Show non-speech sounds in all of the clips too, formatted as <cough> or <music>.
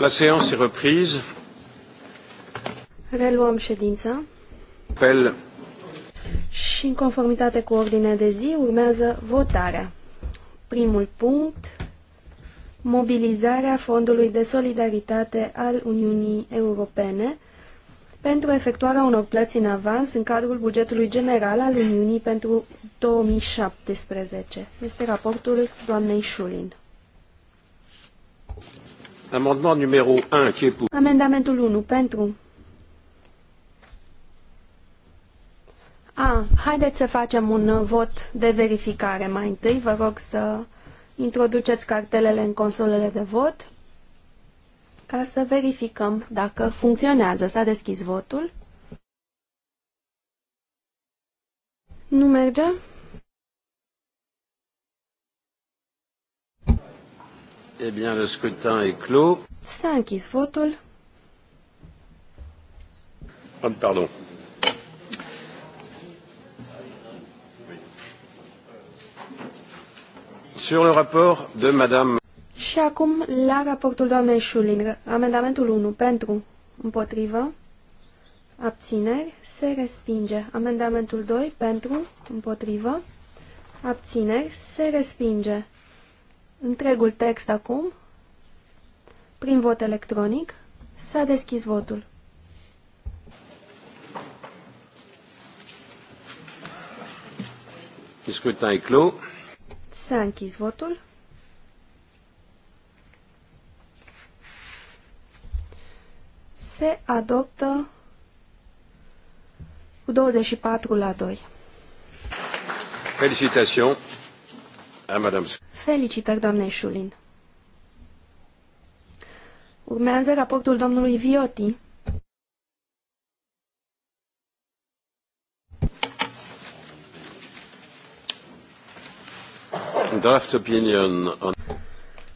La séance est reprise. Reluăm ședința. Apel. Și în conformitate cu ordinea de zi urmează votarea. Primul punct, mobilizarea Fondului de Solidaritate al Uniunii Europene pentru efectuarea unor plăți în avans în cadrul bugetului general al Uniunii pentru 2017. Este raportul doamnei Șulin. Amendement numéro 1, qui est pour? Amendamentul 1, pentru. A, haideți să facem un vot de verificare mai întâi. Vă rog să introduceți cartelele în consolele de vot ca să verificăm dacă funcționează. S-a deschis votul. Nu merge? Eh bien, le scrutin est clos. S-a închis votul. Ah, pardon. Sur le rapport de Madame. Și acum la raportul doamnei Schulling. amendamentul 1 pentru, împotrivă, abțineri, se respinge. Amendamentul 2 pentru, împotrivă, abțineri, se respinge întregul text acum, prin vot electronic. S-a deschis votul. Discutai clou. S-a închis votul. Se adoptă cu 24 la 2. Felicitări! Eh, Felicitări, doamnei Șulin. Urmează raportul domnului Vioti. Draft opinion on...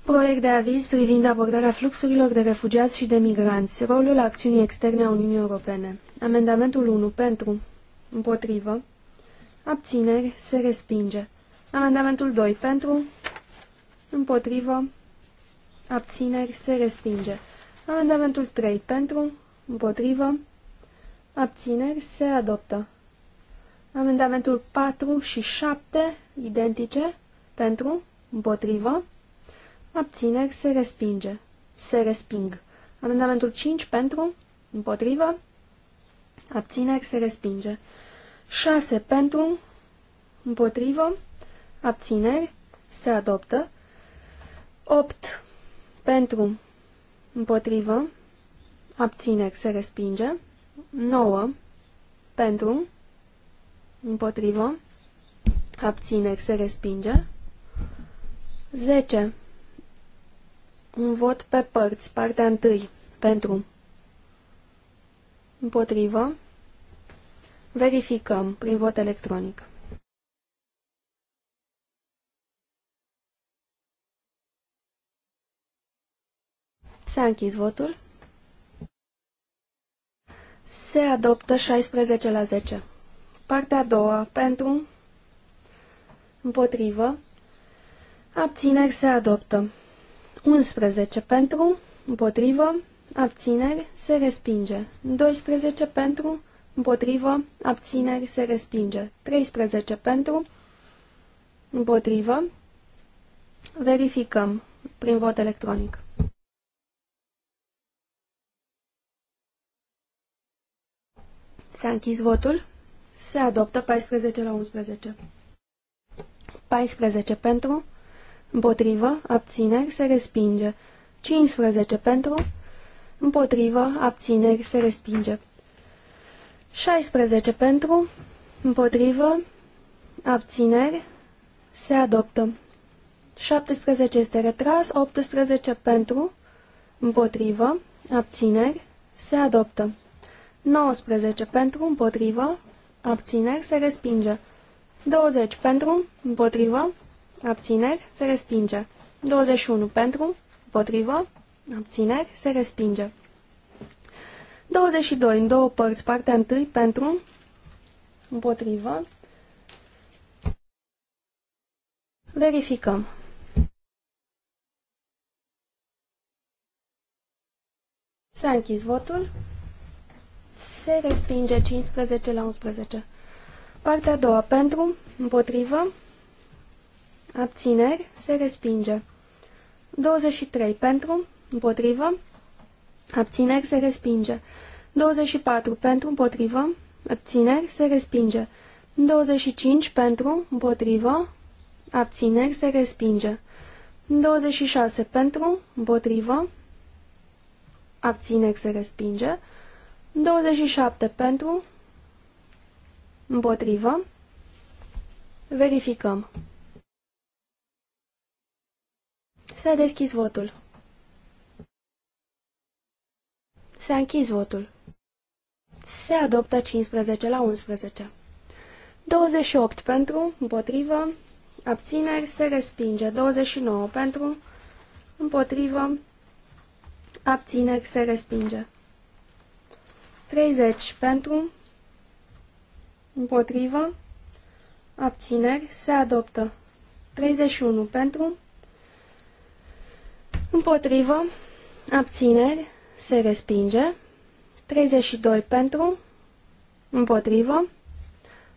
Proiect de aviz privind abordarea fluxurilor de refugiați și de migranți, rolul acțiunii externe a Uniunii Europene. Amendamentul 1 pentru, împotrivă, abțineri, se respinge. Amendamentul 2 pentru, împotrivă, abțineri, se respinge. Amendamentul 3 pentru, împotrivă, abțineri, se adoptă. Amendamentul 4 și 7, identice, pentru, împotrivă, abțineri, se respinge, se resping. Amendamentul 5 pentru, împotrivă, abțineri, se respinge. 6 pentru, împotrivă, abțineri, se adoptă. 8 pentru, împotrivă, abțineri, se respinge. 9 pentru, împotrivă, abțineri, se respinge. 10 un vot pe părți, partea întâi, pentru, împotrivă, verificăm prin vot electronic. S-a închis votul. Se adoptă 16 la 10. Partea a doua. Pentru. Împotrivă. Abțineri se adoptă. 11 pentru. Împotrivă. Abțineri se respinge. 12 pentru. Împotrivă. Abțineri se respinge. 13 pentru. Împotrivă. Verificăm prin vot electronic. S-a închis votul. Se adoptă 14 la 11. 14 pentru, împotrivă, abțineri, se respinge. 15 pentru, împotrivă, abțineri, se respinge. 16 pentru, împotrivă, abțineri, se adoptă. 17 este retras, 18 pentru, împotrivă, abțineri, se adoptă. 19 pentru, împotrivă, abțineri, se respinge. 20 pentru, împotrivă, abțineri, se respinge. 21 pentru, împotrivă, abțineri, se respinge. 22 în două părți, partea întâi pentru, împotrivă. Verificăm. S-a închis votul se respinge 15 la 11. Partea a doua, pentru, împotrivă, abțineri, se respinge. 23, pentru, împotrivă, abțineri, se respinge. 24, pentru, împotrivă, abțineri, se respinge. 25, pentru, împotrivă, abțineri, se respinge. 26, pentru, împotrivă, abțineri, se respinge. 27 pentru, împotrivă, verificăm. S-a deschis votul. S-a închis votul. Se adoptă 15 la 11. 28 pentru, împotrivă, abțineri, se respinge. 29 pentru, împotrivă, abțineri, se respinge. 30 pentru, împotrivă, abțineri, se adoptă. 31 pentru, împotrivă, abțineri, se respinge. 32 pentru, împotrivă,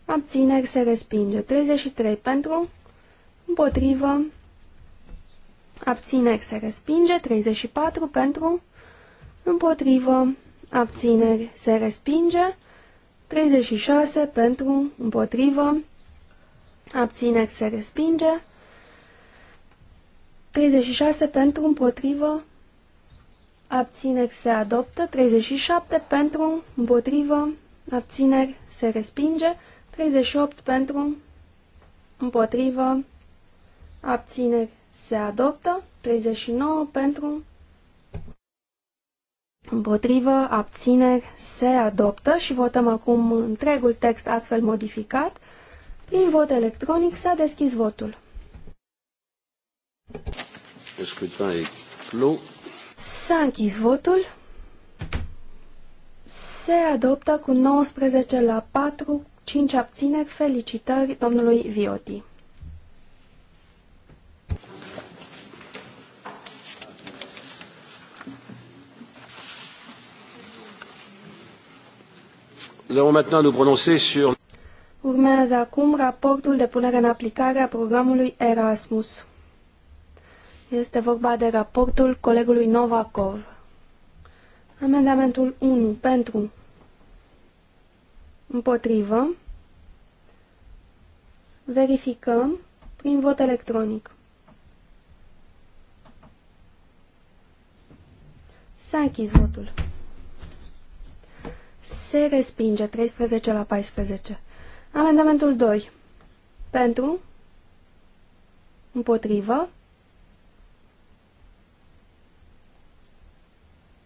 abțineri, se respinge. 33 pentru, împotrivă, abțineri, se respinge. 34 pentru, împotrivă, abțineri se respinge, 36 pentru, împotrivă, abțineri se respinge, 36 pentru, împotrivă, abțineri se adoptă, 37 pentru, împotrivă, abțineri se respinge, 38 pentru, împotrivă, abțineri se adoptă, 39 pentru, Împotrivă, abțineri, se adoptă și votăm acum întregul text astfel modificat. Prin vot electronic s-a deschis votul. S-a închis votul. Se adoptă cu 19 la 4, 5 abțineri. Felicitări domnului Vioti. Urmează acum raportul de punere în aplicare a programului Erasmus. Este vorba de raportul colegului Novakov. Amendamentul 1 pentru împotrivă verificăm prin vot electronic. S-a închis votul. Se respinge 13 la 14. Amendamentul 2. Pentru? Împotrivă?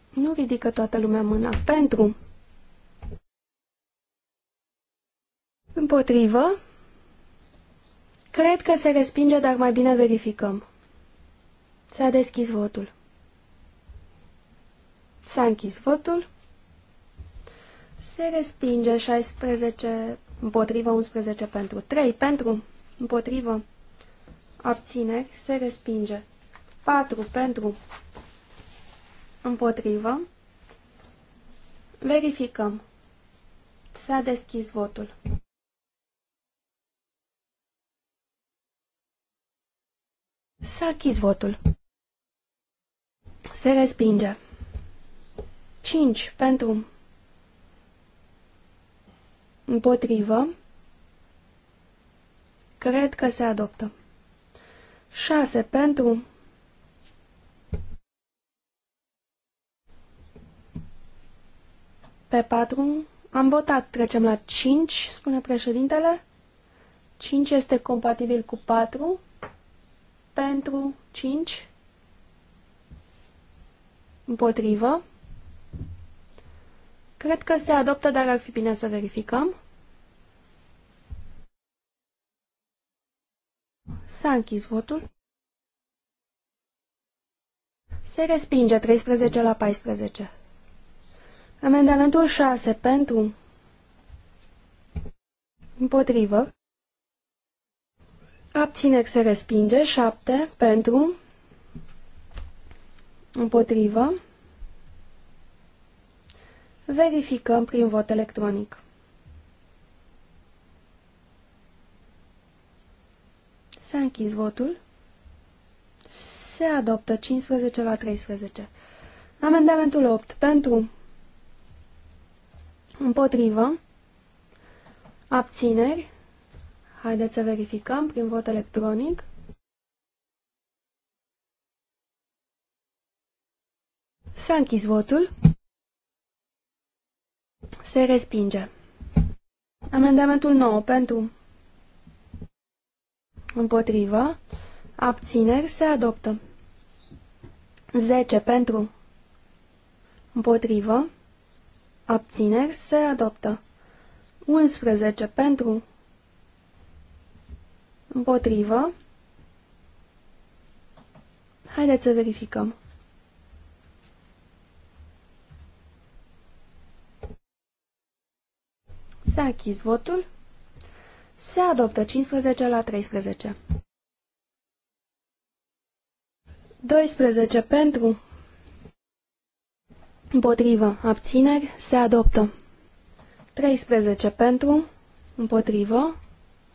Nu ridică toată lumea mâna. Pentru? Împotrivă? Cred că se respinge, dar mai bine verificăm. S-a deschis votul. S-a închis votul. Se respinge 16 împotrivă, 11 pentru. 3 pentru, împotrivă, abțineri, se respinge. 4 pentru, împotrivă. Verificăm. S-a deschis votul. S-a achis votul. Se respinge. 5 pentru Împotrivă. Cred că se adoptă. 6 pentru. Pe 4 am votat. Trecem la 5, spune președintele. 5 este compatibil cu 4. Pentru 5. Împotrivă. Cred că se adoptă, dar ar fi bine să verificăm. S-a închis votul. Se respinge 13 la 14. Amendamentul 6 pentru împotrivă. Abțineri se respinge 7 pentru împotrivă. Verificăm prin vot electronic. S-a închis votul. Se adoptă 15 la 13. Amendamentul 8. Pentru. Împotrivă. Abțineri. Haideți să verificăm prin vot electronic. S-a închis votul. Se respinge. Amendamentul 9 pentru împotrivă, abțineri se adoptă. 10 pentru împotrivă, abțineri se adoptă. 11 pentru împotrivă. Haideți să verificăm. Se a votul. Se adoptă 15 la 13. 12 pentru. Împotrivă. Abțineri. Se adoptă. 13 pentru. Împotrivă.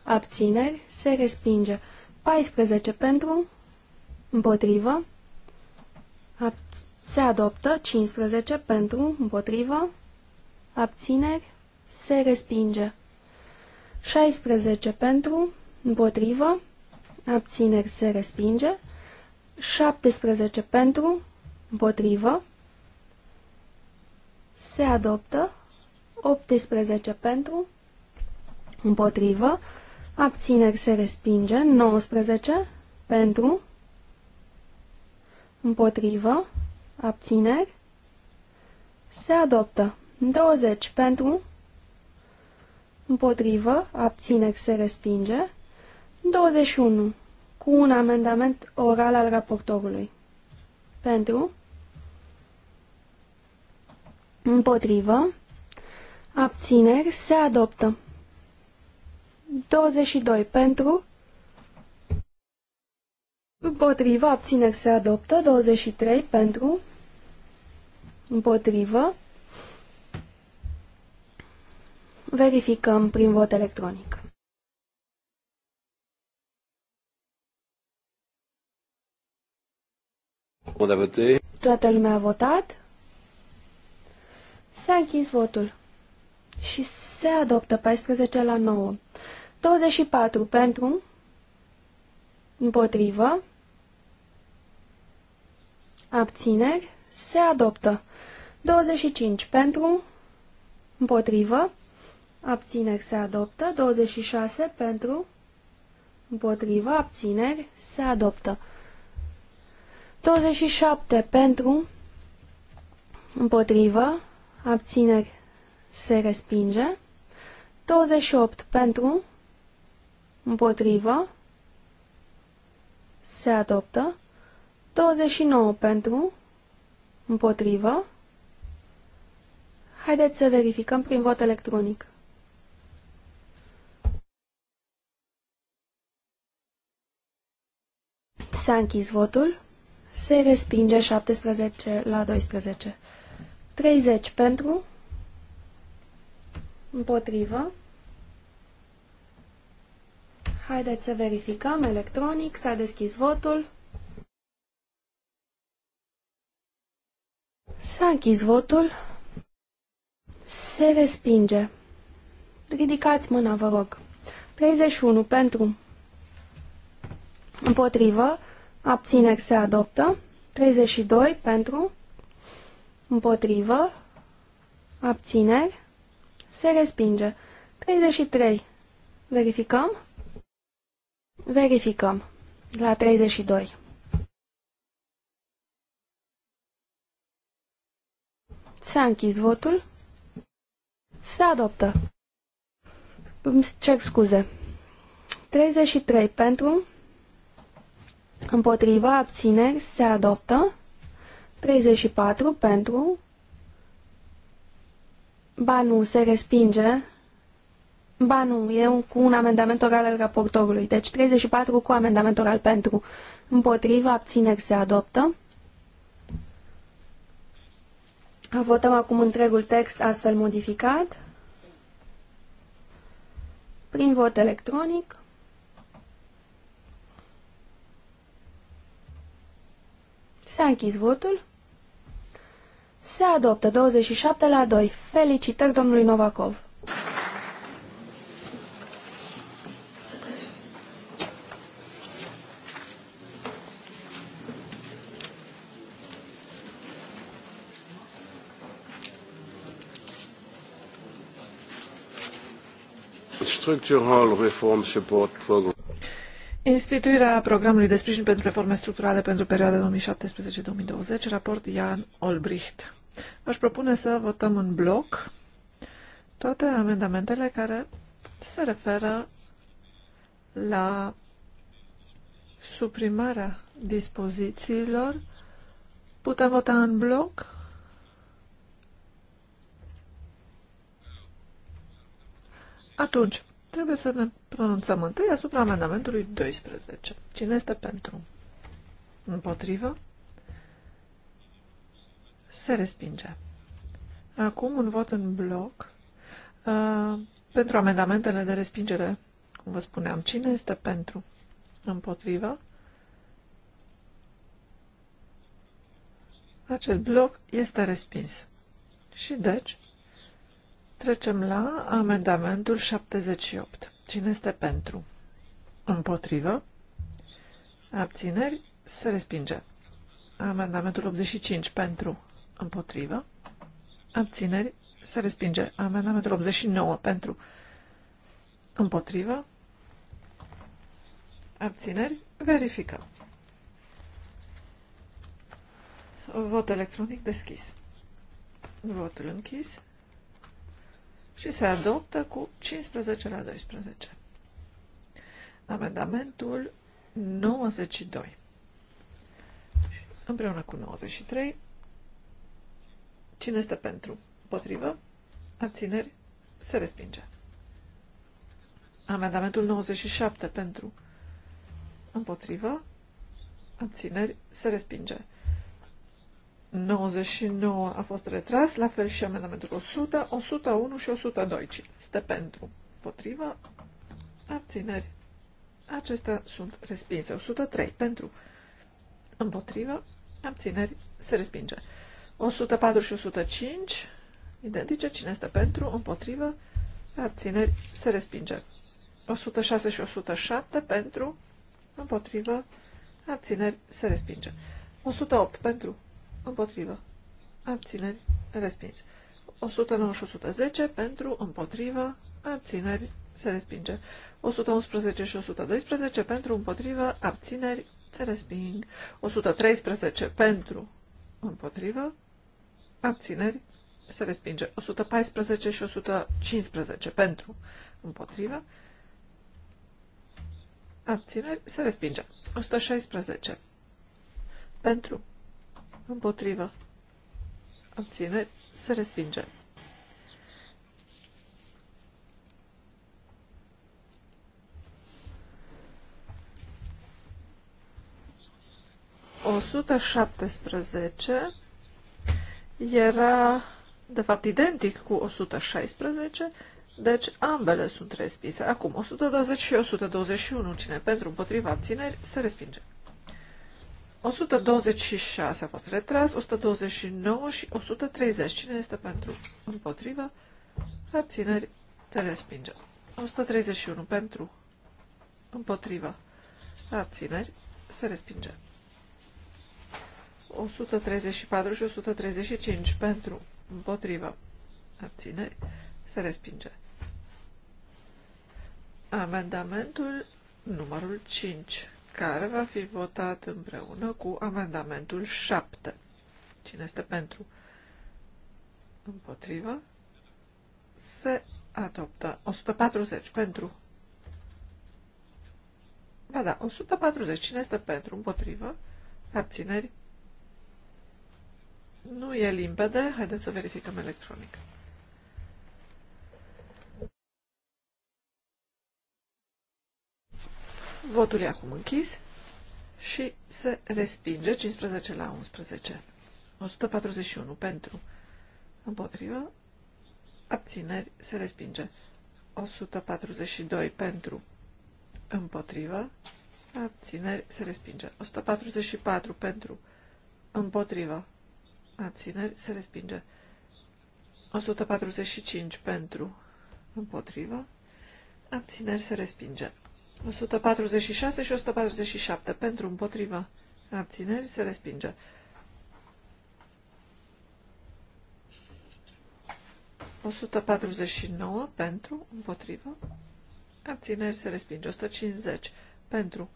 Abțineri. Se respinge. 14 pentru. Împotrivă. Se adoptă. 15 pentru. Împotrivă. Abțineri se respinge. 16 pentru, împotrivă, abțineri se respinge. 17 pentru, împotrivă, se adoptă. 18 pentru, împotrivă, abțineri se respinge. 19 pentru, împotrivă, abțineri, se adoptă. 20 pentru, împotrivă, abțineri se respinge. 21. Cu un amendament oral al raportorului. Pentru, împotrivă, abțineri se adoptă. 22. Pentru, împotrivă, abțineri se adoptă. 23. Pentru, împotrivă, Verificăm prin vot electronic. Toată lumea a votat. S-a închis votul. Și se adoptă 14 la 9. 24 pentru, împotrivă, abțineri, se adoptă. 25 pentru, împotrivă, Abțineri se adoptă. 26 pentru. Împotrivă. Abțineri se adoptă. 27 pentru. Împotrivă. Abțineri se respinge. 28 pentru. Împotrivă. Se adoptă. 29 pentru. Împotrivă. Haideți să verificăm prin vot electronic. S-a închis votul. Se respinge 17 la 12. 30 pentru. Împotrivă. Haideți să verificăm electronic. S-a deschis votul. S-a închis votul. Se respinge. Ridicați mâna, vă rog. 31 pentru. Împotrivă. Abțineri se adoptă. 32 pentru. Împotrivă. Abțineri. Se respinge. 33. Verificăm. Verificăm. La 32. S-a închis votul. Se adoptă. Îmi cer scuze. 33 pentru, Împotriva abțineri se adoptă 34 pentru. Ba nu, se respinge. Ba nu, e un, cu un amendament oral al raportorului. Deci 34 cu amendament oral pentru. Împotriva abțineri se adoptă. Votăm acum întregul text astfel modificat. Prin vot electronic. S-a închis votul. Se adoptă 27 la 2. Felicitări domnului Novakov. Structural Reform Support Program. Instituirea programului de sprijin pentru reforme structurale pentru perioada 2017-2020, raport Jan Olbricht. Aș propune să votăm în bloc toate amendamentele care se referă la suprimarea dispozițiilor. Putem vota în bloc? Atunci, Trebuie să ne pronunțăm întâi asupra amendamentului 12. Cine este pentru? Împotrivă? Se respinge. Acum un vot în bloc uh, pentru amendamentele de respingere. Cum vă spuneam, cine este pentru? Împotrivă? Acel bloc este respins. Și deci Trecem la amendamentul 78. Cine este pentru? Împotrivă? Abțineri? Se respinge. Amendamentul 85 pentru? Împotrivă? Abțineri? Se respinge. Amendamentul 89 pentru? Împotrivă? Abțineri? Verificăm. Vot electronic deschis. Votul închis și se adoptă cu 15 la 12. Amendamentul 92 împreună cu 93. Cine este pentru? Potrivă? Abțineri? Se respinge. Amendamentul 97 pentru. Împotrivă? Abțineri? Se respinge. 99 a fost retras, la fel și amendamentul 100, 101 și 102. Este pentru. Potrivă. Abțineri. Acestea sunt respinse. 103 pentru. Împotrivă. Abțineri. Se respinge. 104 și 105. Identice. Cine este pentru? Împotrivă. Abțineri. Se respinge. 106 și 107 pentru. Împotrivă. Abțineri. Se respinge. 108 pentru împotrivă, abțineri, respins. 109 și 110 pentru, împotrivă, abțineri, se respinge. 111 și 112 pentru, împotrivă, abțineri, se resping. 113 pentru, împotrivă, abțineri, se respinge. 114 și 115 pentru, împotrivă, abțineri, se respinge. 116 pentru, împotrivă, abțineri, se respinge. O 117 era, de fapt, identic cu 116, deci ambele sunt respise. Acum, 120 și 121, cine pentru împotriva abțineri, se respinge. 126 a fost retras, 129 și 130. Cine este pentru? Împotrivă. Abțineri. Se respinge. 131 pentru. Împotrivă. Abțineri. Se respinge. 134 și 135 pentru. Împotrivă. Abțineri. Se respinge. Amendamentul numărul 5 care va fi votat împreună cu amendamentul 7. Cine este pentru? Împotrivă. Se adoptă 140 pentru. Ba da, 140. Cine este pentru? Împotrivă. Abțineri. Nu e limpede. Haideți să verificăm electronic. Votul e acum închis și se respinge 15 la 11. 141 pentru împotrivă, abțineri se respinge. 142 pentru împotrivă, abțineri se respinge. 144 pentru împotrivă, abțineri se respinge. 145 pentru împotrivă, abțineri se respinge. 146 și 147 pentru împotriva abținerii se respinge. O 149 pentru împotriva abțineri se respinge. 150 pentru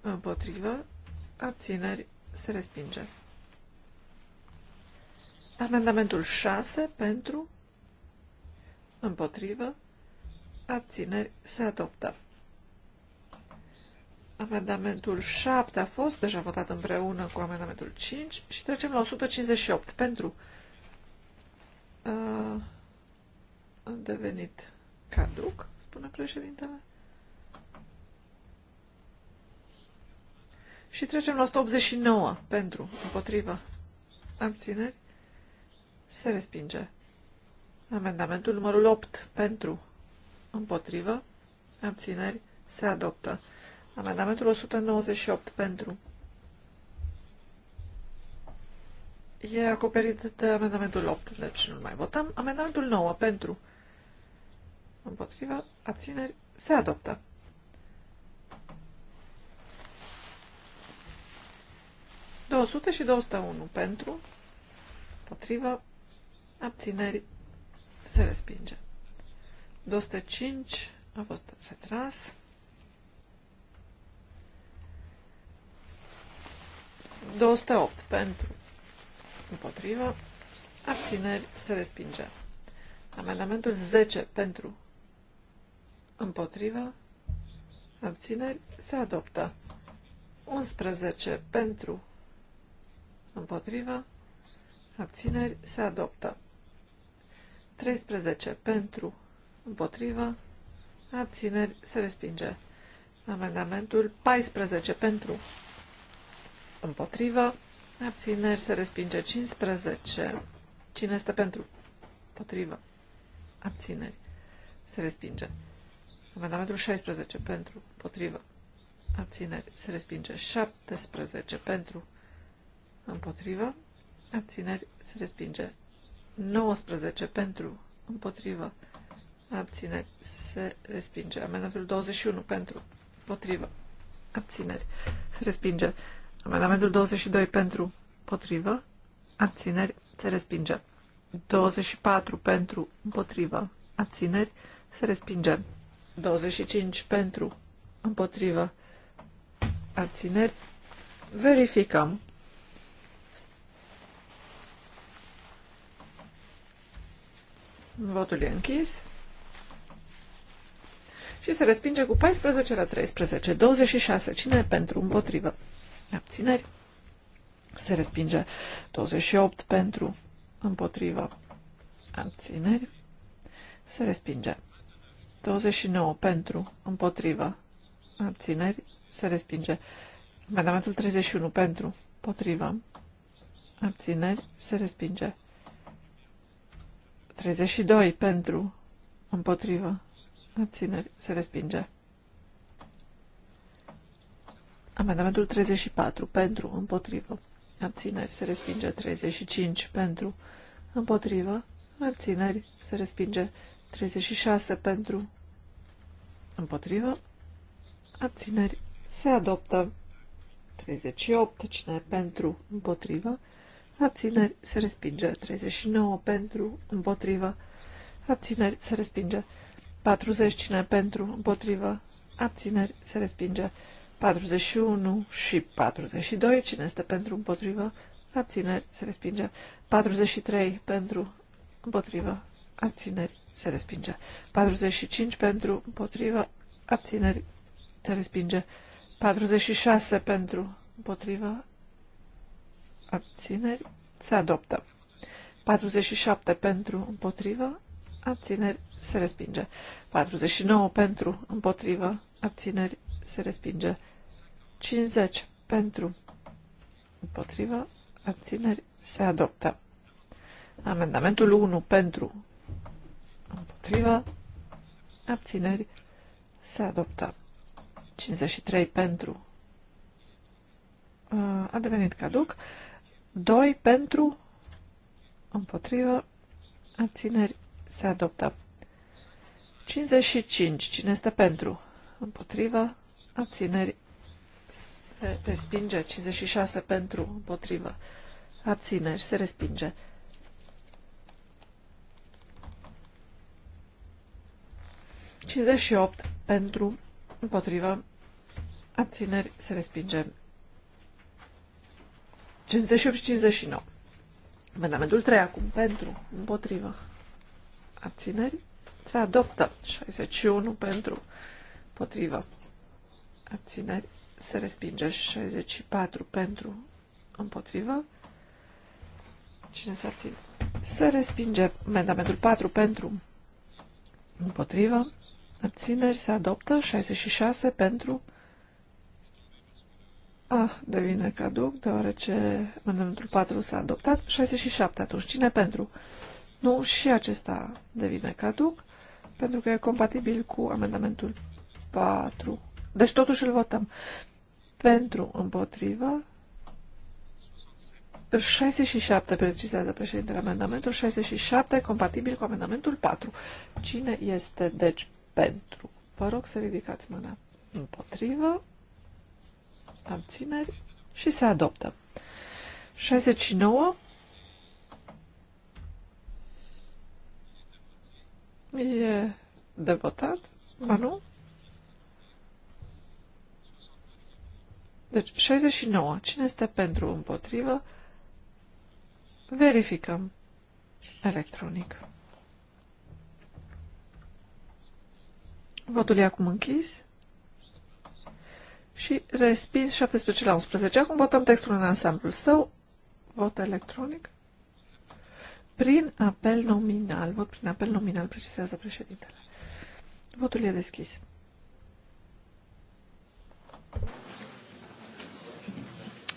împotriva abțineri se respinge. Amendamentul 6 pentru împotrivă abțineri se adoptă. Amendamentul 7 a fost deja votat împreună cu amendamentul 5 și trecem la 158. Pentru uh, a devenit caduc, spune președintele. Și trecem la 189 pentru, împotriva, abțineri, se respinge. Amendamentul numărul 8 pentru, împotrivă, abțineri, se adoptă. Amendamentul 198 pentru. E acoperit de amendamentul 8, deci nu mai votăm. Amendamentul 9 pentru. Împotriva abțineri se adoptă. și 201 pentru, potrivă, abțineri, se respinge. 205 a fost retras. 208 pentru, împotrivă, abțineri, se respinge. Amendamentul 10 pentru, împotrivă, abțineri, se adoptă. 11 pentru, împotrivă, abțineri, se adoptă. 13 pentru, împotrivă, abțineri, se respinge. Amendamentul 14 pentru, Împotrivă. Abțineri se respinge 15. Cine este pentru? Potrivă. Abțineri. Se respinge. Amendamentul 16. Pentru. Potrivă. Abțineri. Se respinge. 17. Pentru. Împotrivă. Abțineri. Se respinge. 19. Pentru. Împotrivă. Abțineri. Se respinge. Amendamentul 21. Pentru. Potrivă. Abțineri. Se respinge. Amendamentul 22 pentru, împotrivă, abțineri, se respinge. 24 pentru, împotrivă, abțineri, se respinge. 25 pentru, împotrivă, abțineri, verificăm. Votul e închis. Și se respinge cu 14 la 13. 26. Cine e pentru? Împotrivă. Abțineri. Se respinge 28 pentru împotriva abțineri. Se respinge 29 pentru împotriva abțineri. Se respinge amendamentul 31 pentru împotriva abțineri. Se respinge 32 pentru împotriva abțineri. Se respinge Amendamentul 34 pentru, împotrivă, abțineri se respinge. 35 pentru, împotrivă, abțineri se respinge. 36 pentru, împotrivă, abțineri se adoptă. 38 cine pentru, împotrivă, abțineri se respinge. 39 pentru, împotrivă, abțineri se respinge. 40 cine pentru, împotrivă, abțineri se respinge. 41 și 42. Cine este pentru împotrivă? Abțineri se respinge. 43 pentru împotrivă. Abțineri se respinge. 45 pentru împotrivă. Abțineri se respinge. 46 pentru împotrivă. Abțineri se adoptă. 47 pentru împotrivă. Abțineri se respinge. 49 pentru împotrivă. Abțineri se respinge. 50 pentru, împotrivă, abțineri, se adoptă. Amendamentul 1 pentru, împotrivă, abțineri, se adoptă. 53 pentru, a devenit caduc. 2 pentru, împotrivă, abțineri, se adoptă. 55. Cine este pentru? Împotrivă, abțineri, se respinge. 56 pentru, împotrivă, abțineri, se respinge. Cincizeci opt pentru, împotrivă, abțineri, se respinge. 58 și 59. Amendamentul 3 acum pentru, împotrivă, abțineri, se adoptă. 61 pentru, împotrivă, abțineri, se respinge 64 pentru împotrivă. Cine s-a ținut? Se respinge amendamentul 4 pentru împotrivă. Abțineri se adoptă 66 pentru Ah, devine caduc, deoarece amendamentul 4 s-a adoptat. 67 atunci. Cine pentru? Nu, și acesta devine caduc, pentru că e compatibil cu amendamentul 4. Deci totuși îl votăm. Pentru, împotrivă, 67, precizează președintele, amendamentul 67, compatibil cu amendamentul 4. Cine este, deci, pentru? Vă rog să ridicați mâna. Împotrivă, abțineri și se adoptă. 69, E de votat? Ba nu? Deci 69. Cine este pentru împotrivă? Verificăm electronic. Votul e acum închis și respins 17 la 11. Acum votăm textul în ansamblul său. Vot electronic. Prin apel nominal. Vot prin apel nominal, precisează președintele. Votul e deschis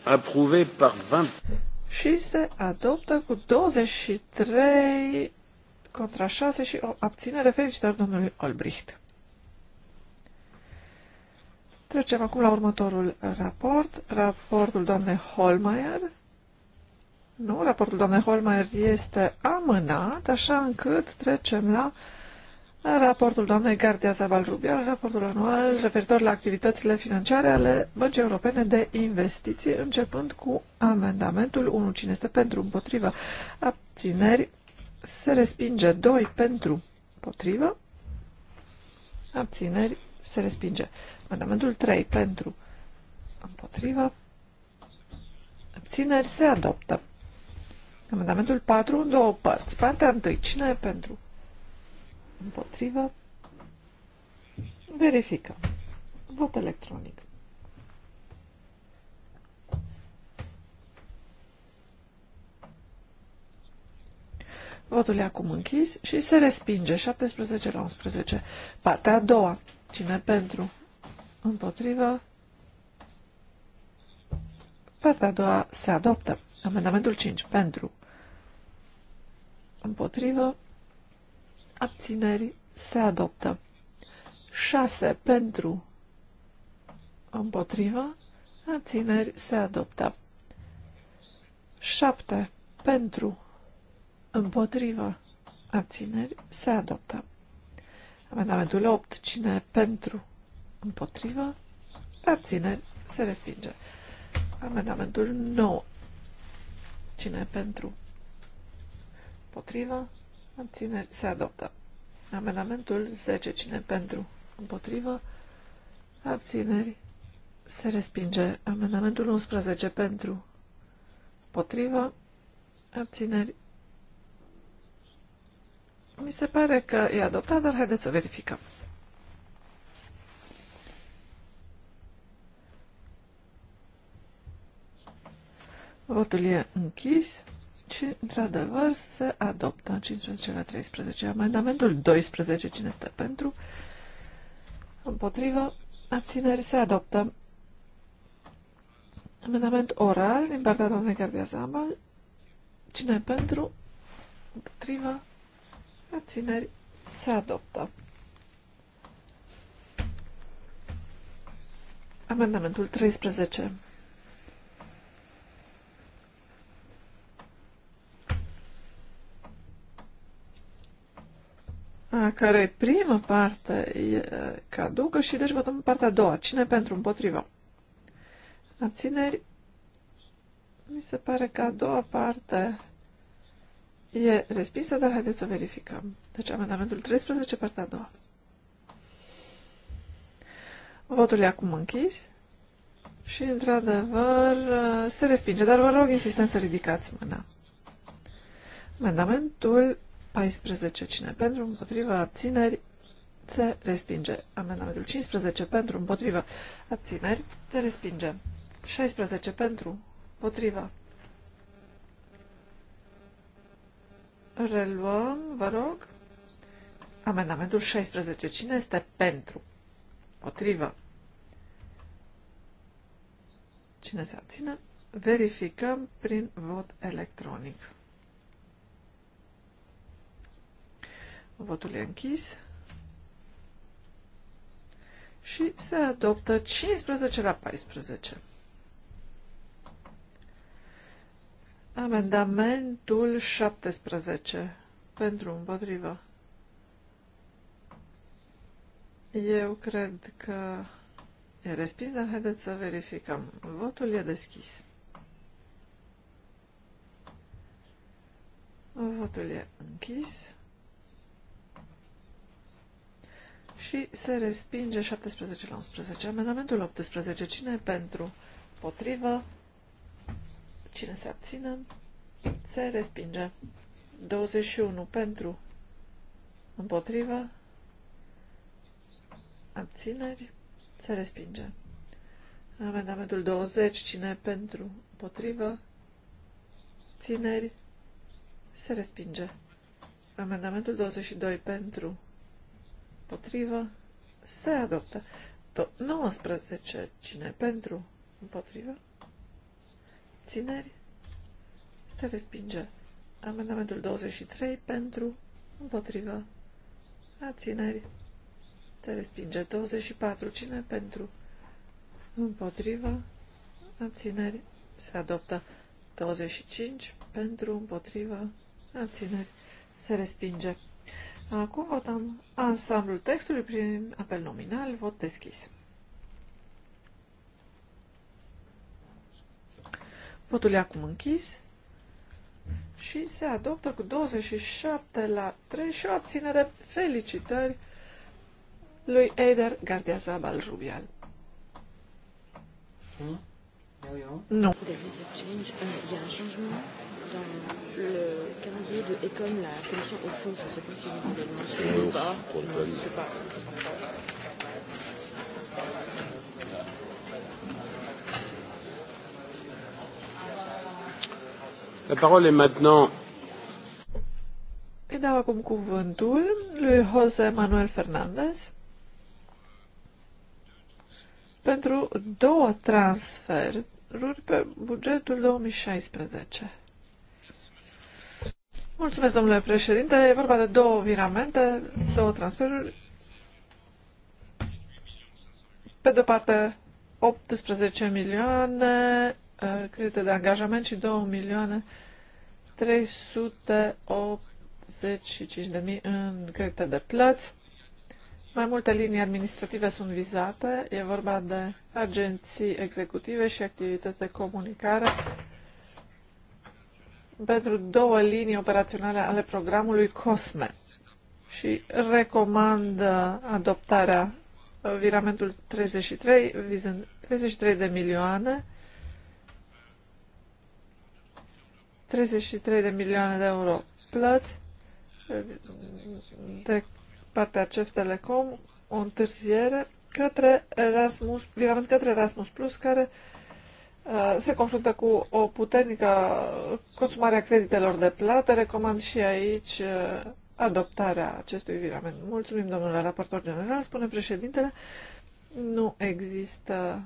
approuvé par 20. Și se adoptă cu 23 contra 6 și o abținere. Felicitări domnului Olbricht. Trecem acum la următorul raport, raportul doamnei Holmeier. Nu, raportul doamnei Holmeier este amânat, așa încât trecem la uh, raportul doamnei Gardia Zabal Rubial, raportul anual referitor la activitățile financiare ale Băncii Europene de Investiții, începând cu amendamentul 1. Cine este pentru? Împotrivă. Abțineri. Se respinge 2 pentru. Împotrivă. Abțineri. Se respinge. Amendamentul 3 pentru. Împotrivă. Abțineri. Se adoptă. Amendamentul 4 în două părți. Partea 1. Cine e pentru? Împotrivă. Verificăm. Vot electronic. Votul e acum închis și se respinge 17 la 11. Partea a doua. Cine pentru? Împotrivă. Partea a doua se adoptă. Amendamentul 5. Pentru. Împotrivă abțineri, se adoptă. 6 pentru, împotrivă, abțineri, se adoptă. 7 pentru, împotrivă, abțineri, se adoptă. Amendamentul 8, cine pentru, împotrivă, abțineri, se respinge. Amendamentul 9, cine pentru, împotrivă, Abțineri se adoptă. Amendamentul 10. Cine pentru? Împotrivă. Abțineri se respinge. Amendamentul 11. Pentru? Împotrivă. Abțineri. Mi se pare că e adoptat, dar haideți să verificăm. Votul e închis. Și, într-adevăr, se adoptă 15 la 13. Amendamentul 12, cine este pentru? Împotrivă, abțineri, se adoptă. Amendament oral din partea doamnei Gardia Zambal. Cine pentru? Împotrivă, abțineri, se adoptă. Amendamentul 13. a cărei prima parte e caducă și deci votăm partea a doua. Cine pentru împotriva? Abțineri. Mi se pare că a doua parte e respinsă, dar haideți să verificăm. Deci amendamentul 13, partea a doua. Votul e acum închis și, într-adevăr, se respinge. Dar vă rog, insistență, ridicați mâna. Amendamentul 14. Cine pentru, împotriva, abțineri, se respinge. Amendamentul 15 pentru, împotriva, abțineri, se respinge. 16 pentru, împotriva. Reluăm, vă rog. Amendamentul 16. Cine este pentru? Potrivă. Cine se abține? Verificăm prin vot electronic. Votul e închis. Și se adoptă 15 la 14. Amendamentul 17. Pentru împotrivă. Eu cred că e respins, dar haideți să verificăm. Votul e deschis. Votul e închis. și se respinge 17 la 11. Amendamentul 18. Cine pentru? Potrivă? Cine se abține? Se respinge. 21 pentru? Împotrivă? Abțineri? Se respinge. Amendamentul 20. Cine pentru? Împotrivă? Țineri? Se respinge. Amendamentul 22 pentru împotrivă, se adoptă. 19. Cine pentru, împotrivă, țineri, se respinge. Amendamentul 23 pentru, împotrivă, ațineri, se respinge. 24. Cine pentru, împotrivă, abțineri, se adoptă. 25 pentru, împotrivă, abțineri, se respinge. Acum votăm ansamblul textului prin apel nominal, vot deschis. Votul e acum închis și se adoptă cu 27 la 3 și o abținere. Felicitări lui Eider Gardiazabal Rubial. Hmm? Eu, eu? Nu. There is a change, uh, yeah, parler de ECOM, la commission au fond, je ne sais pas si vous voulez le mentionner ou pas. Pour le non, pas. La parole est maintenant. Îi dau acum cuvântul lui José Manuel Fernandez pentru două transferuri pe bugetul 2016. Mulțumesc, domnule președinte. E vorba de două viramente, două transferuri. Pe de-o parte, 18 milioane uh, credite de angajament și 2 milioane 385 de mii în credite de plăți. Mai multe linii administrative sunt vizate. E vorba de agenții executive și activități de comunicare pentru două linii operaționale ale programului COSME și recomandă uh, adoptarea uh, viramentul 33, vizând 33 de milioane 33 de milioane de euro plăți uh, de partea CEF Telecom, o întârziere către Erasmus, virament către Erasmus Plus, care uh, Uh, se confruntă cu o puternică consumare a creditelor de plată. Recomand și aici uh, adoptarea acestui virament. Mulțumim, domnule raportor general, spune președintele. Nu există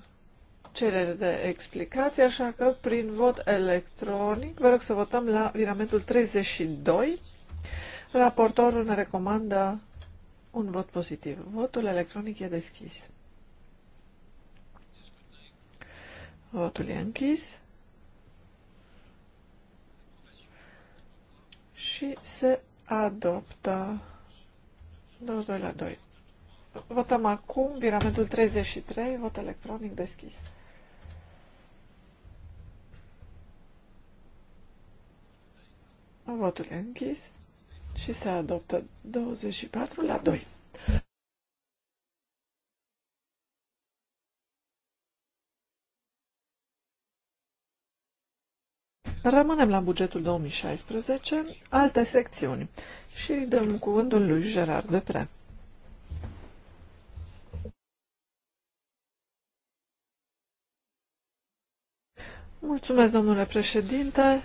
cerere de explicații, așa că prin vot electronic vă rog să votăm la viramentul 32. Raportorul ne recomandă un vot pozitiv. Votul electronic e deschis. Votul e închis. Și se adoptă 22 la 2. Votăm acum viramentul 33, vot electronic deschis. Votul e închis și se adoptă 24 la 2. Rămânem la bugetul 2016, alte secțiuni și dăm cuvântul lui Gerard Depre. Mulțumesc, domnule președinte.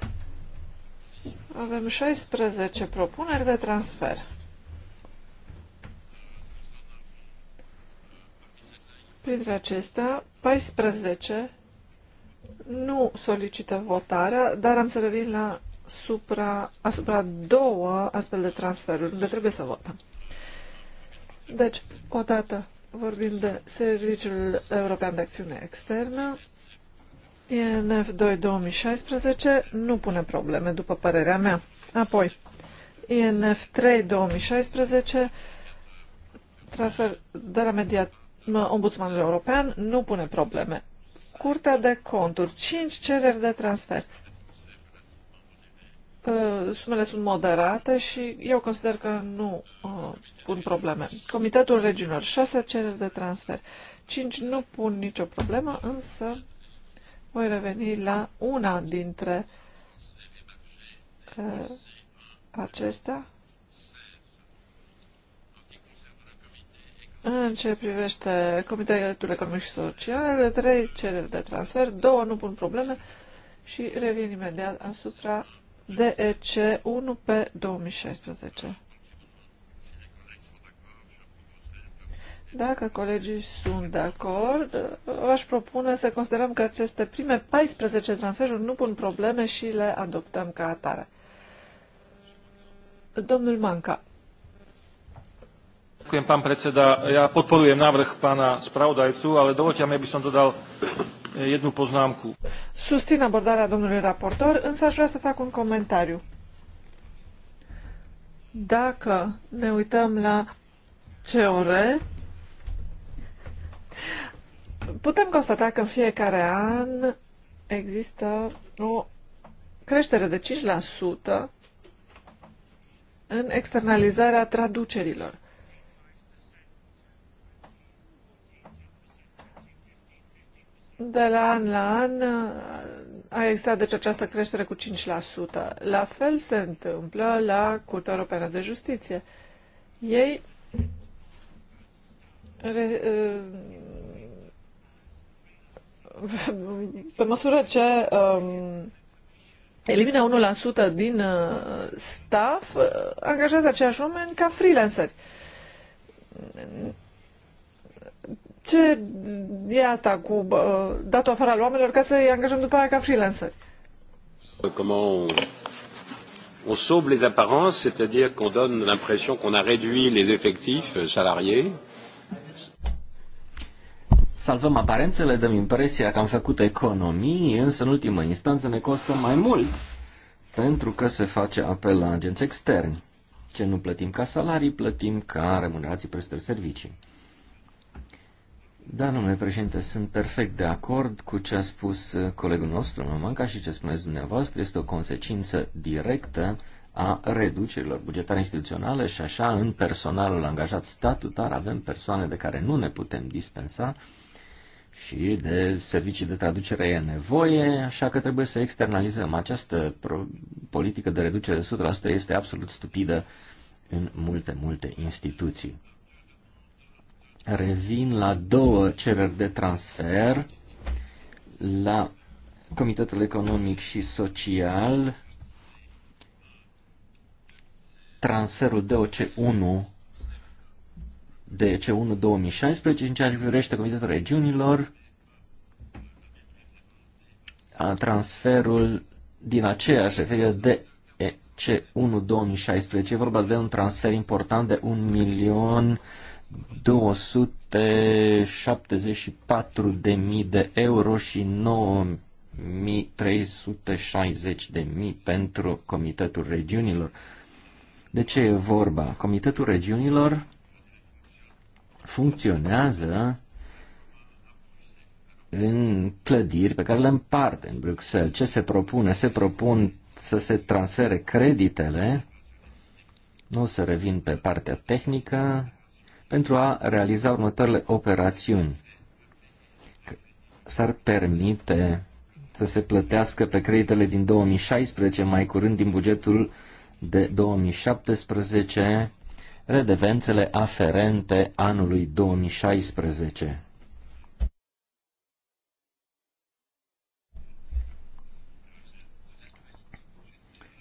Avem 16 propuneri de transfer. Printre acestea, 14 nu solicită votarea, dar am să revin la supra, asupra două astfel de transferuri, unde trebuie să votăm. Deci, odată vorbim de Serviciul European de Acțiune Externă, INF 2 2016, nu pune probleme, după părerea mea. Apoi, INF 3 2016, transfer de la media ombudsmanul european, nu pune probleme. Curtea de conturi, 5 cereri de transfer. Uh, sumele sunt moderate și eu consider că nu uh, pun probleme. Comitetul Regiunilor, 6 cereri de transfer. 5 nu pun nicio problemă, însă voi reveni la una dintre uh, acestea În ce privește Comitetul Economic și Social, trei cereri de transfer, două nu pun probleme și revin imediat asupra DEC 1 pe 2016. Dacă colegii sunt de acord, v-aș propune să considerăm că aceste prime 14 transferuri nu pun probleme și le adoptăm ca atare. Domnul Manca. Ďakujem, pán predseda. Ja podporujem návrh pána spravodajcu, ale dovolte mi, aby som dodal eh, jednu poznámku. Susțin abordarea domnului raportor, însă aș vrea să fac un comentariu. Dacă ne uităm la COR, putem constata că în fiecare an există o creștere de 5% în externalizarea traducerilor. de la an la an a existat deci această creștere cu 5%. La fel se întâmplă la Curtea Europeană de Justiție. Ei re, uh, pe măsură ce um, elimină 1% din uh, staff, uh, angajează aceiași oameni ca freelanceri ce e asta cu uh, datul afară al oamenilor ca să-i angajăm după aia ca freelancer? Comment on sauve les apparences, c'est-à-dire qu'on donne l'impression qu'on a réduit les effectifs euh, salariés. Salvăm aparențele, dăm impresia că am făcut economii, însă în ultimă instanță ne costă mai mult pentru că se face apel la agenți externi. Ce nu plătim ca salarii, plătim ca remunerații prestări servicii. Da, domnule președinte, sunt perfect de acord cu ce a spus uh, colegul nostru, Mamanca, și ce spuneți dumneavoastră. Este o consecință directă a reducerilor bugetare instituționale și așa în personalul angajat statutar avem persoane de care nu ne putem dispensa și de servicii de traducere e nevoie, așa că trebuie să externalizăm. Această politică de reducere de 100% este absolut stupidă în multe, multe instituții. Revin la două cereri de transfer la Comitetul Economic și Social. Transferul DOC1 DC1 2016 în ceea ce privește Comitetul Regiunilor a transferul din aceeași referire de C1 2016. E vorba de un transfer important de 1 milion 274.000 de euro și 9.360.000 pentru Comitetul Regiunilor. De ce e vorba? Comitetul Regiunilor funcționează în clădiri pe care le împarte în Bruxelles. Ce se propune? Se propun să se transfere creditele, nu să revin pe partea tehnică, pentru a realiza următoarele operațiuni. S-ar permite să se plătească pe creditele din 2016, mai curând din bugetul de 2017, redevențele aferente anului 2016.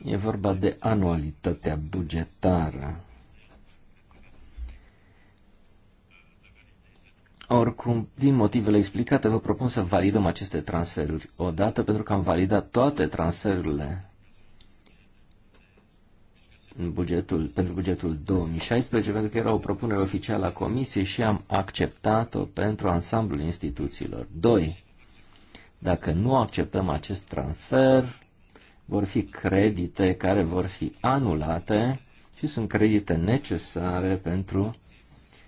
E vorba de anualitatea bugetară. Acum, din motivele explicate, vă propun să validăm aceste transferuri odată, pentru că am validat toate transferurile în bugetul, pentru bugetul 2016, pentru că era o propunere oficială a Comisiei și am acceptat-o pentru ansamblul instituțiilor. 2. Dacă nu acceptăm acest transfer, vor fi credite care vor fi anulate și sunt credite necesare pentru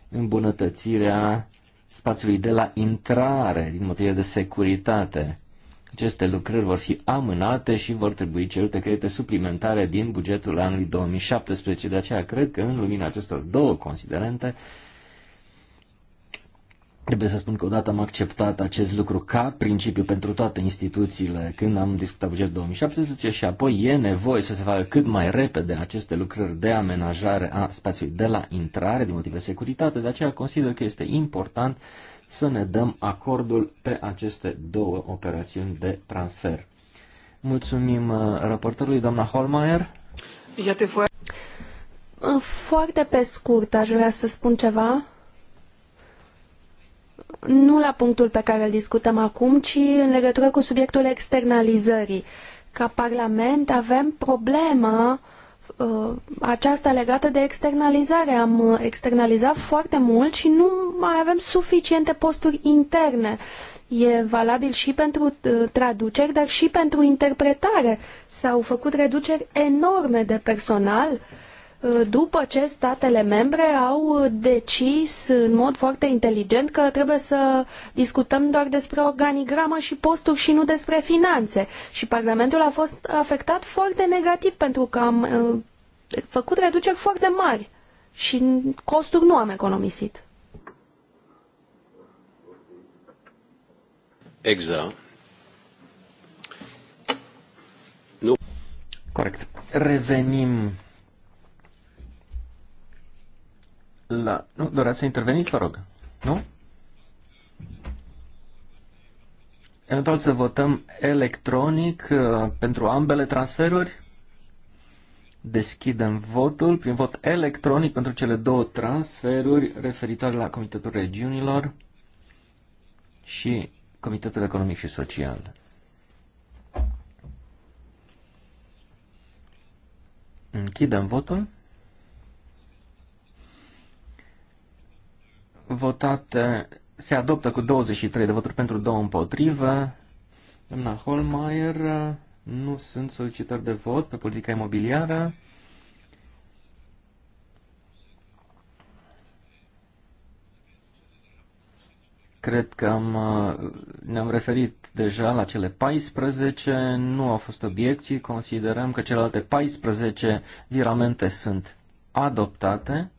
îmbunătățirea spațiului de la intrare din motive de securitate. Aceste lucrări vor fi amânate și vor trebui cerute credite suplimentare din bugetul anului 2017. De aceea cred că în lumina acestor două considerente Trebuie să spun că odată am acceptat acest lucru ca principiu pentru toate instituțiile când am discutat bugetul 2017 și apoi e nevoie să se facă cât mai repede aceste lucrări de amenajare a spațiului de la intrare din motive de securitate, de aceea consider că este important să ne dăm acordul pe aceste două operațiuni de transfer. Mulțumim uh, raportorului, doamna Holmeier. Foarte pe scurt aș vrea să spun ceva nu la punctul pe care îl discutăm acum, ci în legătură cu subiectul externalizării. Ca Parlament avem problema uh, aceasta legată de externalizare. Am uh, externalizat foarte mult și nu mai avem suficiente posturi interne. E valabil și pentru uh, traduceri, dar și pentru interpretare. S-au făcut reduceri enorme de personal uh, Uh, după ce statele membre au decis în mod foarte inteligent că trebuie să discutăm doar despre organigramă și posturi și nu despre finanțe. Și Parlamentul a fost afectat foarte negativ pentru că am uh, făcut reduceri foarte mari și costuri nu am economisit. Exact. Nu. Corect. Revenim la... Nu, doreați să interveniți, vă rog. Nu? Eventual să votăm electronic uh, pentru ambele transferuri. Deschidem votul prin vot electronic pentru cele două transferuri referitoare la Comitetul Regiunilor și Comitetul Economic și Social. Închidem votul. votate, se adoptă cu 23 de voturi pentru două împotrivă. Doamna Holmeier, nu sunt solicitări de vot pe politica imobiliară. Cred că am, ne-am referit deja la cele 14, nu au fost obiecții, considerăm că celelalte 14 viramente sunt adoptate.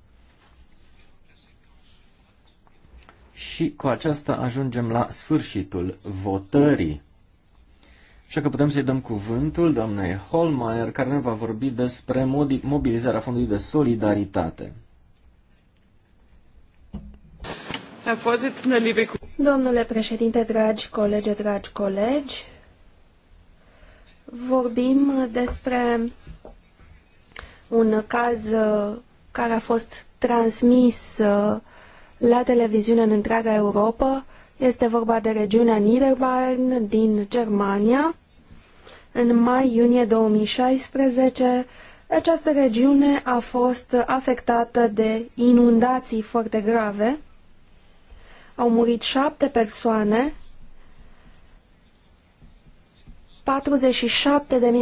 Și cu aceasta ajungem la sfârșitul votării. Așa că putem să-i dăm cuvântul doamnei Holmeier, care ne va vorbi despre mobilizarea Fondului de Solidaritate. Domnule președinte, dragi colegi, dragi colegi, vorbim despre un caz uh, care a fost transmis uh, la televiziune în întreaga Europa. Este vorba de regiunea Niederbayern din Germania. În mai-iunie 2016, această regiune a fost afectată de inundații foarte grave. Au murit șapte persoane, 47.000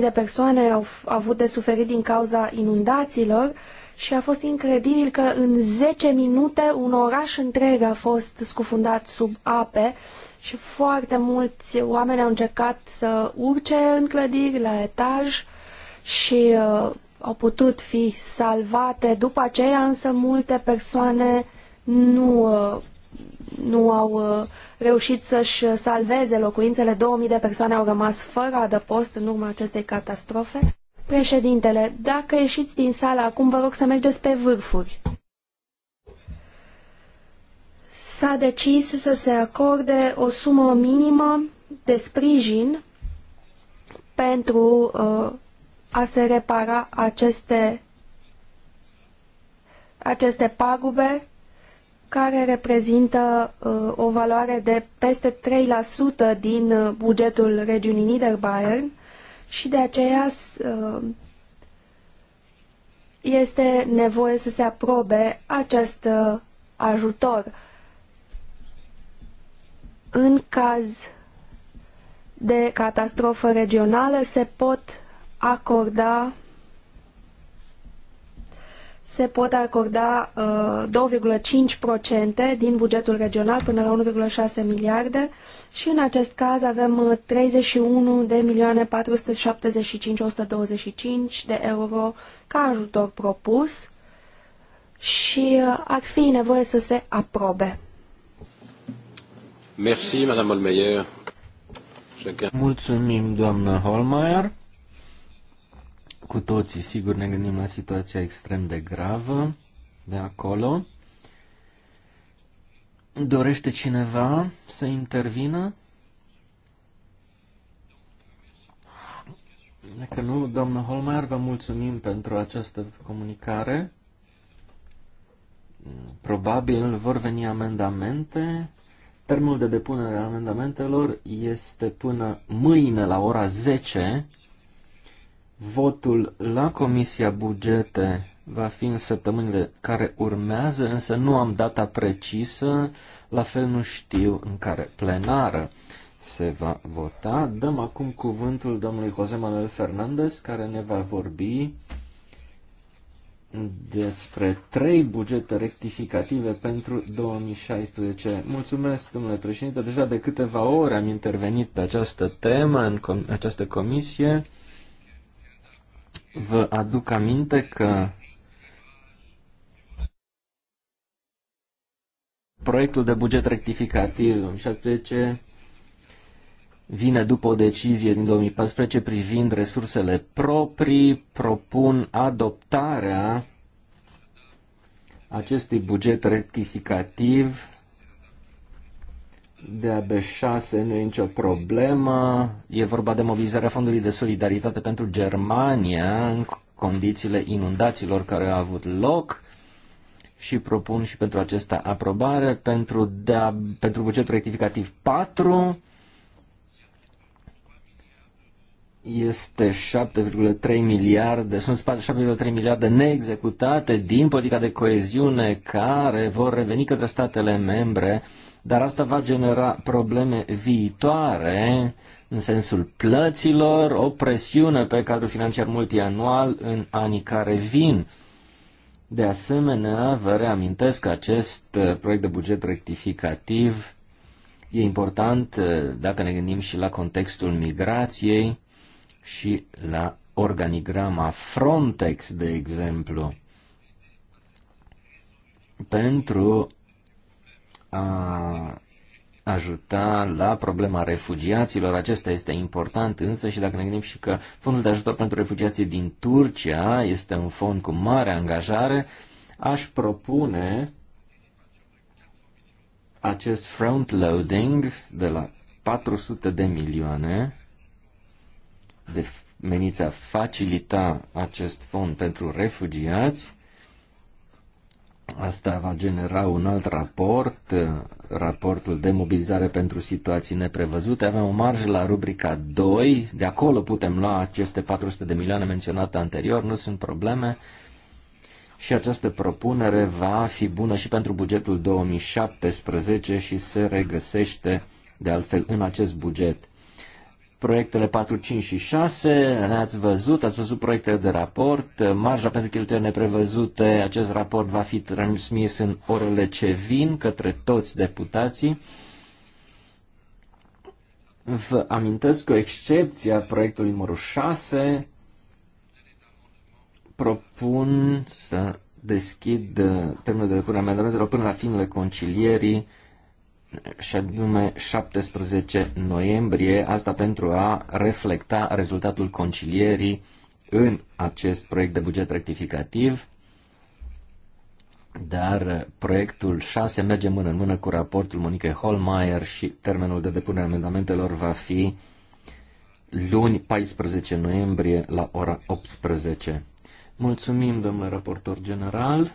de persoane au avut de suferit din cauza inundațiilor și a fost incredibil că în 10 minute un oraș întreg a fost scufundat sub ape și foarte mulți oameni au încercat să urce în clădiri, la etaj și uh, au putut fi salvate. După aceea însă multe persoane nu, uh, nu au uh, reușit să-și salveze locuințele. 2000 de persoane au rămas fără adăpost în urma acestei catastrofe. Președintele, dacă ieșiți din sală acum, vă rog să mergeți pe vârfuri. S-a decis să se acorde o sumă minimă de sprijin pentru uh, a se repara aceste, aceste pagube care reprezintă uh, o valoare de peste 3% din uh, bugetul regiunii Niederbayern și de aceea uh, este nevoie să se aprobe acest uh, ajutor. În caz de catastrofă regională se pot acorda se pot acorda uh, 2,5% din bugetul regional până la 1,6 miliarde și în acest caz avem 31 uh, de milioane 475 125 de euro ca ajutor propus și uh, ar fi nevoie să se aprobe. Merci, Madame Mulțumim, doamnă Holmeyer. Cu toții, sigur, ne gândim la situația extrem de gravă de acolo. Dorește cineva să intervină? Dacă nu, doamnă Holmeier, vă mulțumim pentru această comunicare. Probabil vor veni amendamente. Termenul de depunere a amendamentelor este până mâine la ora 10 Votul la Comisia Bugete va fi în săptămânile care urmează, însă nu am data precisă, la fel nu știu în care plenară se va vota. Dăm acum cuvântul domnului José Manuel Fernandez, care ne va vorbi despre trei bugete rectificative pentru 2016. Mulțumesc, domnule președinte. Deja de câteva ore am intervenit pe această temă, în această comisie. Vă aduc aminte că proiectul de buget rectificativ 2017 vine după o decizie din 2014 privind resursele proprii, propun adoptarea acestui buget rectificativ de AB6 nu e nicio problemă. E vorba de mobilizarea Fondului de Solidaritate pentru Germania în condițiile inundațiilor care au avut loc și propun și pentru acesta aprobare. Pentru, de pentru bugetul rectificativ 4 este 7,3 miliarde, sunt 7,3 miliarde neexecutate din politica de coeziune care vor reveni către statele membre uh, dar asta va genera probleme viitoare în sensul plăților, o presiune pe cadrul financiar multianual în anii care vin. De asemenea, vă reamintesc că acest uh, proiect de buget rectificativ e important uh, dacă ne gândim și la contextul migrației și la organigrama Frontex, de exemplu, pentru a ajuta la problema refugiaților. Acesta este important însă și dacă ne gândim și că fondul de ajutor pentru refugiații din Turcia este un fond cu mare angajare, aș propune acest front-loading de la 400 de milioane de menița facilita acest fond pentru refugiați Asta va genera un alt raport, eh, raportul de mobilizare pentru situații neprevăzute. Avem o marjă la rubrica 2, de acolo putem lua aceste 400 de milioane menționate anterior, nu sunt probleme. Și această propunere va fi bună și pentru bugetul 2017 și se regăsește de altfel în acest buget proiectele 4, 5 și 6, le-ați văzut, ați văzut proiectele de raport, marja pentru cheltuieli neprevăzute, acest raport va fi transmis în orele ce vin către toți deputații. Vă amintesc cu excepția proiectului numărul 6 propun să deschid uh, termenul de depunere amendamentelor până la finele concilierii și anume 17 noiembrie, asta pentru a reflecta rezultatul concilierii în acest proiect de buget rectificativ, dar proiectul 6 merge mână în mână cu raportul Monica Holmeier și termenul de depunere a amendamentelor va fi luni 14 noiembrie la ora 18. Mulțumim, domnule raportor general.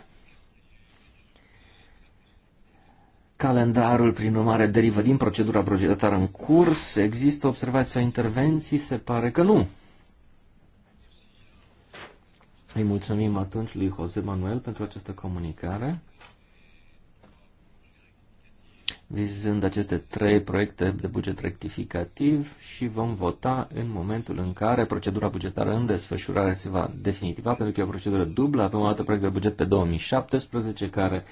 Calendarul, prin urmare, derivă din procedura bugetară în curs. Există observații sau intervenții? Se pare că nu. Îi mulțumim atunci lui Jose Manuel pentru această comunicare. Vizând aceste trei proiecte de buget rectificativ și vom vota în momentul în care procedura bugetară în desfășurare se va definitiva, pentru că e o procedură dublă. Avem o altă proiect de buget pe 2017 care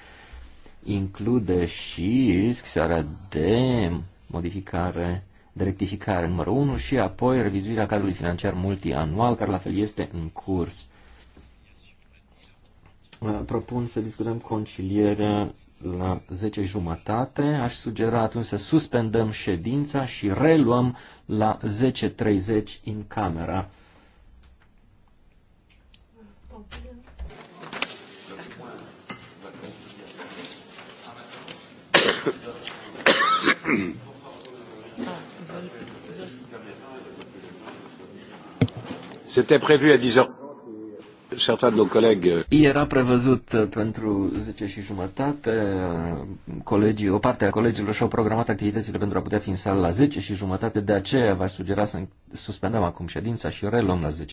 include și scrisoarea de modificare, de rectificare numărul 1 și apoi revizuirea cadrului financiar multianual, care la fel este în curs. Propun să discutăm concilierea la 10 jumătate. Aș sugera atunci să suspendăm ședința și reluăm la 10.30 în camera. <clears throat> C'était prévu à 10h. Certains de nos collègues. Euh, era prevăzut uh, pentru 10 și jumătate. Uh, colegii, o parte a colegilor și-au programat activitățile pentru a putea fi în sală la 10 și jumătate. De aceea v-aș sugera să suspendăm acum ședința și reluăm la 10.